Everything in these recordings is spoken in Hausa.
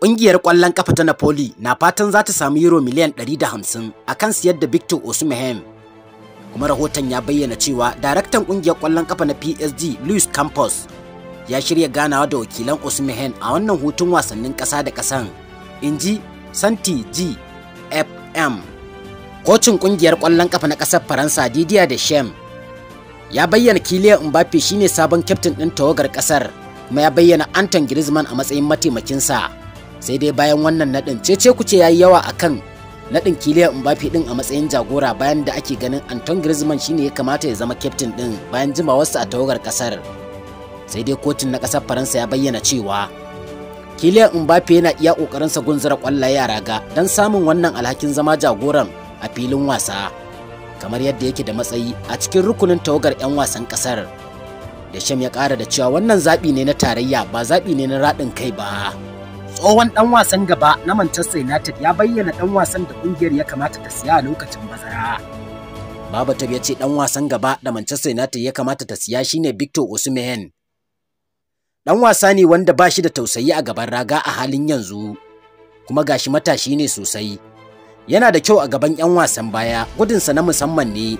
Ƙungiyar ƙwallon ƙafa ta Napoli na fatan za ta samu euro miliyan 150 a kan siyar da Victor Osimhen. Kuma rahoton ya bayyana cewa daraktan ƙungiyar ƙwallon ƙafa na PSG Luis Campos ya shirya ganawa da wakilan Osimhen a wannan hutun wasannin ƙasa da ƙasan. Inji Santi FM. Kocin ƙungiyar ƙwallon ƙafa na ƙasar Faransa Didier Deschamps ya bayyana Kylian Mbappe shine sabon kyaftin ɗin tawagar ƙasar kuma ya bayyana Anton Griezmann a matsayin mataimakinsa. sai dai bayan wannan naɗin cece kuce ya yi yawa a kan naɗin kiliyan mbafi ɗin a matsayin jagora bayan da ake ganin anton griezmann shine ya kamata ya zama kyaftin ɗin bayan jimawarsa a tawagar ƙasar sai dai kotun na ƙasar faransa ya bayyana cewa kiliyan mbafi yana iya ƙoƙarinsa gunzura ƙwallaye a raga don samun wannan alhakin zama jagoran a filin wasa kamar yadda yake da matsayi a cikin rukunin tawagar 'yan wasan ƙasar da shem ya ƙara da cewa wannan zaɓi ne na tarayya ba zaɓi ne na raɗin kai ba tsohon ɗan wasan gaba na Manchester United ya bayyana ɗan wasan da ƙungiyar ya kamata ta siya a lokacin bazara. Babatab ya ce dan wasan gaba da Manchester United ya kamata ta siya shine Victor Osimhen. Ɗan wasa ne wanda ba shi da tausayi a gaban raga a halin yanzu, kuma gashi matashi ne sosai. Yana da kyau a gaban 'yan wasan baya, gudunsa na musamman ne,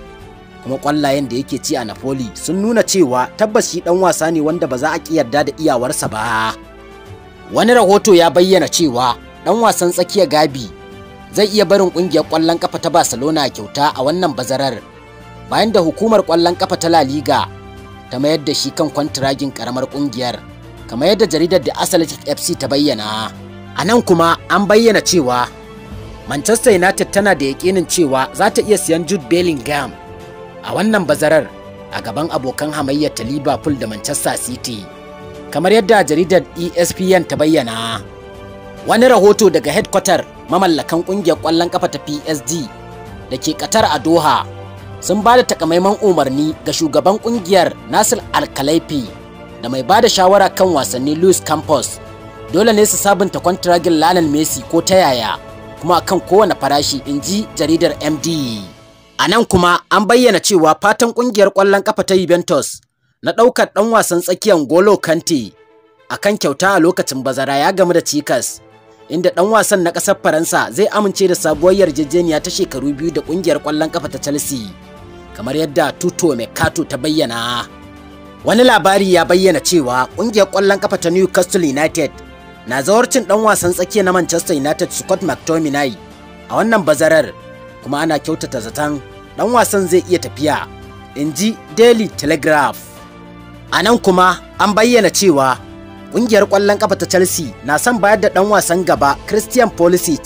kuma ƙwallayen da yake ci a Napoli sun nuna cewa tabbas shi ɗan wasa ne wanda ba za a yarda da iyawarsa ba. wani rahoto ya bayyana cewa dan wasan tsakiya gabi zai iya barin kungiyar kwallon kafa ta barcelona kyauta a wannan bazarar bayan da hukumar kwallon kafa ta la liga ta mayar da shi kan kwantiragin karamar kungiyar kamar yadda jaridar da athletic fc ta bayyana a nan kuma an bayyana cewa manchester united tana da yakinin cewa za ta iya siyan jude bellingham a wannan bazarar a gaban abokan hamayyar ta liverpool da manchester city kamar yadda jaridar espn ta bayyana wani rahoto daga headquarter mamallakan ƙungiyar kwallon kafa ta psg da ke ƙatar a doha sun ba da takamaiman umarni ga shugaban ƙungiyar nasir Al alkalaifi da mai ba da shawara kan wasanni luis campos dole ne su sabunta kwantiragin Lionel messi ko ta yaya kuma kan kowane farashi in ji jaridar md a nan kuma an bayyana cewa fatan ƙungiyar ƙwallon ƙafa ta juventus na ɗaukar ɗan wasan tsakiyar Golo Kante a kan kyauta a lokacin bazara ya gamu da cikas, inda ɗan wasan na ƙasar Faransa zai amince da sabuwar yarjejeniya ta shekaru biyu da ƙungiyar ƙwallon ƙafa ta Chelsea, kamar yadda Tuto Mekato ta bayyana. Wani labari ya bayyana cewa ƙungiyar ƙwallon ƙafa ta Newcastle United na zawarcin ɗan wasan tsakiya na Manchester United Scott McTominay a wannan bazarar kuma ana kyautata zaton ɗan wasan zai iya tafiya, in ji Daily Telegraph. A nan kuma an bayyana cewa ƙungiyar ƙwallon ƙafa ta Chelsea na son bayar da ɗan wasan gaba Christian Pulisic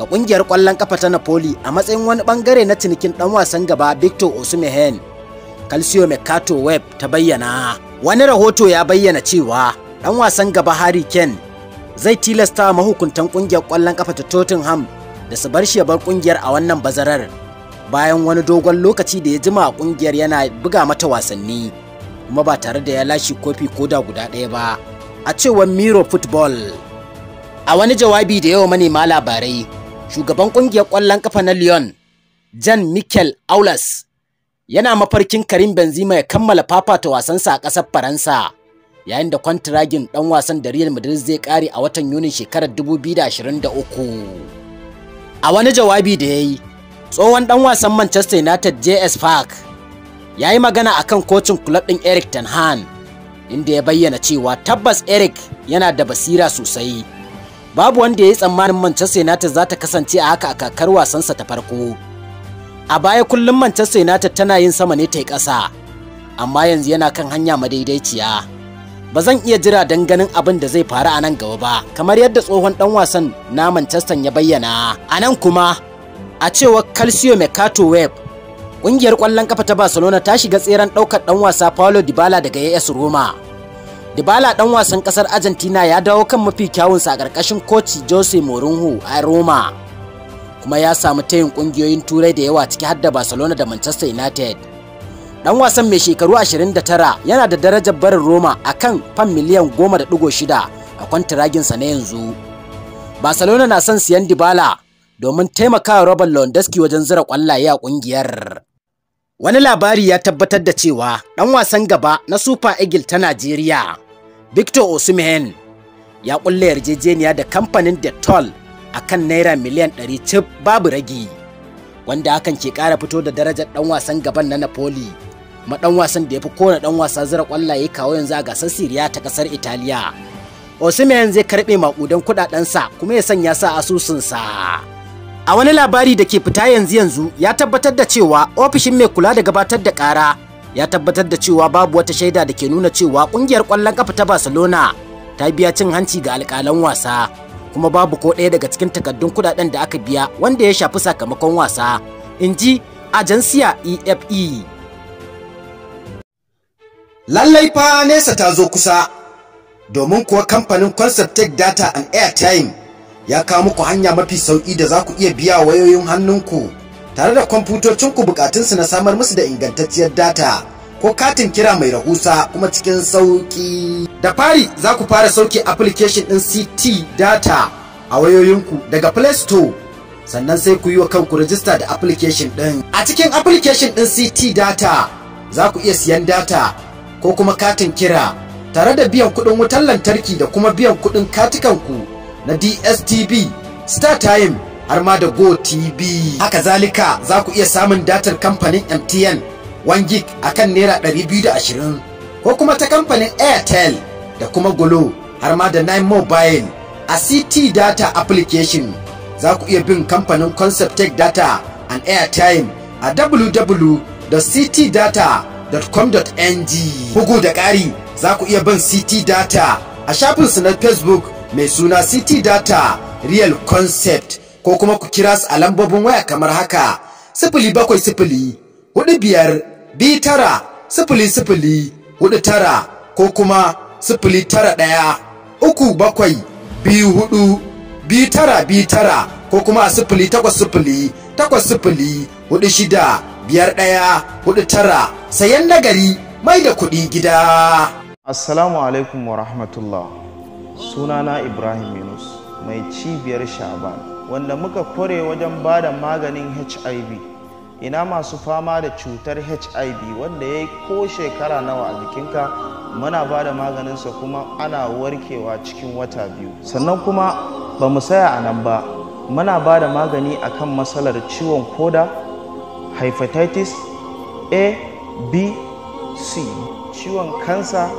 ga ƙungiyar ƙwallon ƙafa ta Napoli a matsayin wani ɓangare na cinikin ɗan wasan gaba Victor Osimhen. Calcio Mercato Web ta bayyana. Wani rahoto ya bayyana cewa ɗan wasan gaba Harry Kane zai tilasta mahukuntan ƙungiyar ƙwallon ƙafa ta Tottenham da su bar shi ya bar ƙungiyar a wannan bazarar bayan wani dogon lokaci da ya jima a ƙungiyar yana buga mata wasanni. kuma ba tare da ya lashe kofi ko da guda ɗaya ba a cewar miro football a wani jawabi da yawa manema labarai shugaban kungiyar kwallon kafa na lyon jan mikel aulas yana mafarkin karim benzema ya kammala fafata wasansa a ƙasar faransa yayin da kwantiragin ɗan wasan da real madrid zai ƙare a watan Yuni shekarar 2023 a wani jawabi da ya yi tsohon ɗan wasan manchester united js park ya yi magana a kan kocin club ɗin Eric Ten Hag inda ya bayyana cewa tabbas Eric yana da basira sosai. Babu wanda ya yi tsammanin Manchester United za ta kasance a haka a kakar wasansa ta farko. A baya kullum Manchester United tana yin sama ne ta yi ƙasa, amma yanzu yana kan hanya madaidaiciya. Ba zan iya jira don ganin abin da zai faru a nan gaba ba, kamar yadda tsohon ɗan wasan na Manchester ya bayyana. A nan kuma, a cewar Calcio Mercato Web, Ƙungiyar kwallon kafa ta Barcelona ta shiga tseren ɗaukar ɗan wasa Paulo Dybala daga AS Roma. Dybala ɗan wasan kasar Argentina ya dawo kan mafi kyawunsa a karkashin koci Jose Mourinho a Roma. Kuma ya samu tayin kungiyoyin Turai da yawa ciki har da Barcelona da Manchester United. Ɗan wasan mai shekaru 29 yana da darajar barin Roma a kan fan miliyan 10.6 a kwantiraginsa na yanzu. Barcelona na son siyan Dybala domin taimakawa Robert Lewandowski wajen zira kwallaye a kungiyar Wani labari ya tabbatar da cewa ɗan wasan gaba na Super Eagle ta Najeriya, Victor Osimhen, ya kulle yarjejeniya da kamfanin detol a kan Naira miliyan 100 cif babu ragi, wanda hakan ke ƙara fito da darajar ɗan wasan gaban na Napoli, ma ɗan wasan da ya fi kowane ɗan wasa zira kwallaye kawo yanzu a gasar Siriya ta ƙasar Italiya. Osimhen zai karɓe maƙudan kuɗaɗensa kuma ya sanya sa asusunsa. A wani labari da ke fita yanzu yanzu ya tabbatar da cewa ofishin mai kula da gabatar da ƙara ya tabbatar da cewa babu wata shaida da ke nuna cewa ƙungiyar ƙwallon ƙafa ta Barcelona ta biya cin hanci ga alƙalan wasa kuma babu ko ɗaya daga cikin takardun kuɗaɗen da aka biya wanda ya shafi sakamakon wasa in ji ajansiya EFE. Lallai fa nesa ta zo kusa domin kuwa kamfanin Concept Tech Data and Airtime ya kawo muku hanya mafi sauki da za ku iya biya wayoyin hannunku tare da kwamfutocinku bukatunsu na samar musu da ingantacciyar data ko katin kira mai rahusa kuma cikin sauƙi. Da fari za ku fara sauke application ɗin CT data a wayoyinku daga Play Store sannan sai ku yi wa kanku rajista da application ɗin. A cikin application ɗin CT data za ku iya siyan data ko kuma katin kira tare da biyan kuɗin wutar lantarki da kuma biyan kuɗin katikanku na DSTV, StarTime Time har ma da Go TV. Haka zalika za ku iya samun datar kamfanin MTN 1 gig akan naira 220 ko kuma ta kamfanin Airtel da kuma Glo har ma da Nine Mobile a CT Data application. Za ku iya bin kamfanin Concept Tech Data and Airtime a www.ctdata.com.ng. Bugu da ƙari za ku iya bin CT Data a shafinsu na Facebook mai suna city data real concept ko kuma ku kira su a lambobin waya kamar haka sifili bakwai sifili hudu biyar bi tara sifili sifili hudu tara ko kuma sifili tara ɗaya uku bakwai biyu hudu biyu tara biyu tara ko kuma a sifili takwas sifili takwas sifili hudu shida biyar ɗaya hudu tara sayan nagari mai da kuɗi gida. Assalamu alaikum wa rahmatullah. sunana ibrahim yunus mai cibiyar shaban wanda muka kware wajen ba da maganin hiv ina masu fama da cutar hiv wanda ya yi ko shekara nawa a jikinka muna bada da maganinsa kuma ana warkewa cikin wata biyu sannan kuma ba mu saya a nan ba muna ba da magani akan matsalar ciwon koda hepatitis a b c ciwon kansa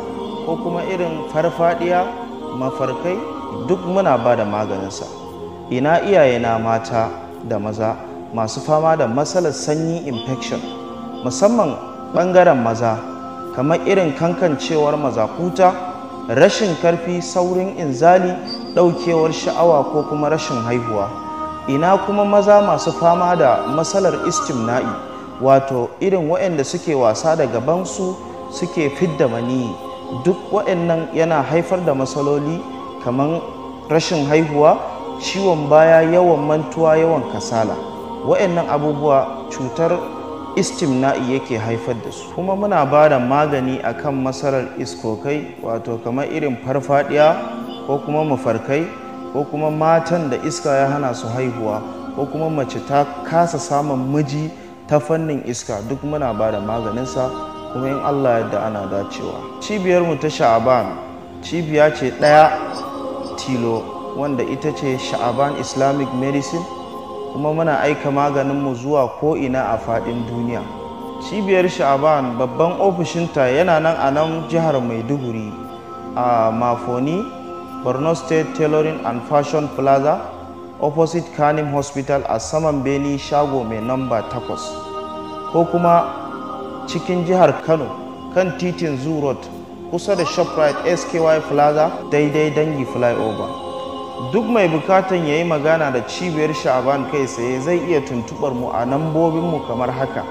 ko kuma irin farfadiya mafarkai duk muna ba da maganinsa ina iyayena mata da maza masu fama da matsalar sanyi infection musamman ɓangaren maza kamar irin kankancewar mazakuta rashin karfi saurin inzali ɗaukewar sha'awa ko kuma rashin haihuwa ina kuma maza masu fama da matsalar istimna'i wato irin waɗanda suke wasa da gabansu suke fidda maniyi duk waɗannan yana haifar da matsaloli kamar rashin haihuwa ciwon baya yawan mantuwa yawan kasala waɗannan abubuwa cutar istimna'i yake haifar da su kuma muna ba da magani akan masarar iskokai wato kamar irin farfadiya ko kuma mafarkai ko kuma matan da iska ya hana su haihuwa ko kuma mace ta kasa samun miji ta fannin iska duk muna ba da maganinsa kuma in Allah yadda ana dacewa cibiyarmu ta sha'aban cibiya ce ɗaya tilo wanda ita ce sha'aban islamic medicine kuma muna aika maganinmu zuwa ko'ina a faɗin duniya cibiyar sha'aban babban ofishinta yana nan a nan jihar maiduguri a mafoni borno state tailoring and fashion plaza opposite kanim hospital a saman beni shago mai namba 8 ko kuma cikin jihar kano kan titin zoo road kusa da shoprite sky plaza daidai dangi flyover duk mai bukatan ya yi magana da cibiyar sha'aban kai tsaye zai iya tuntubar mu a nambobinmu kamar haka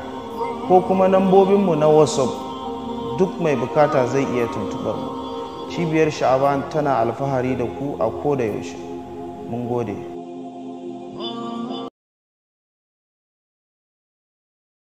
ko kuma nambobinmu na whatsapp duk mai bukata zai iya tuntubar mu cibiyar sha'aban tana alfahari da ku a koda yaushe mun gode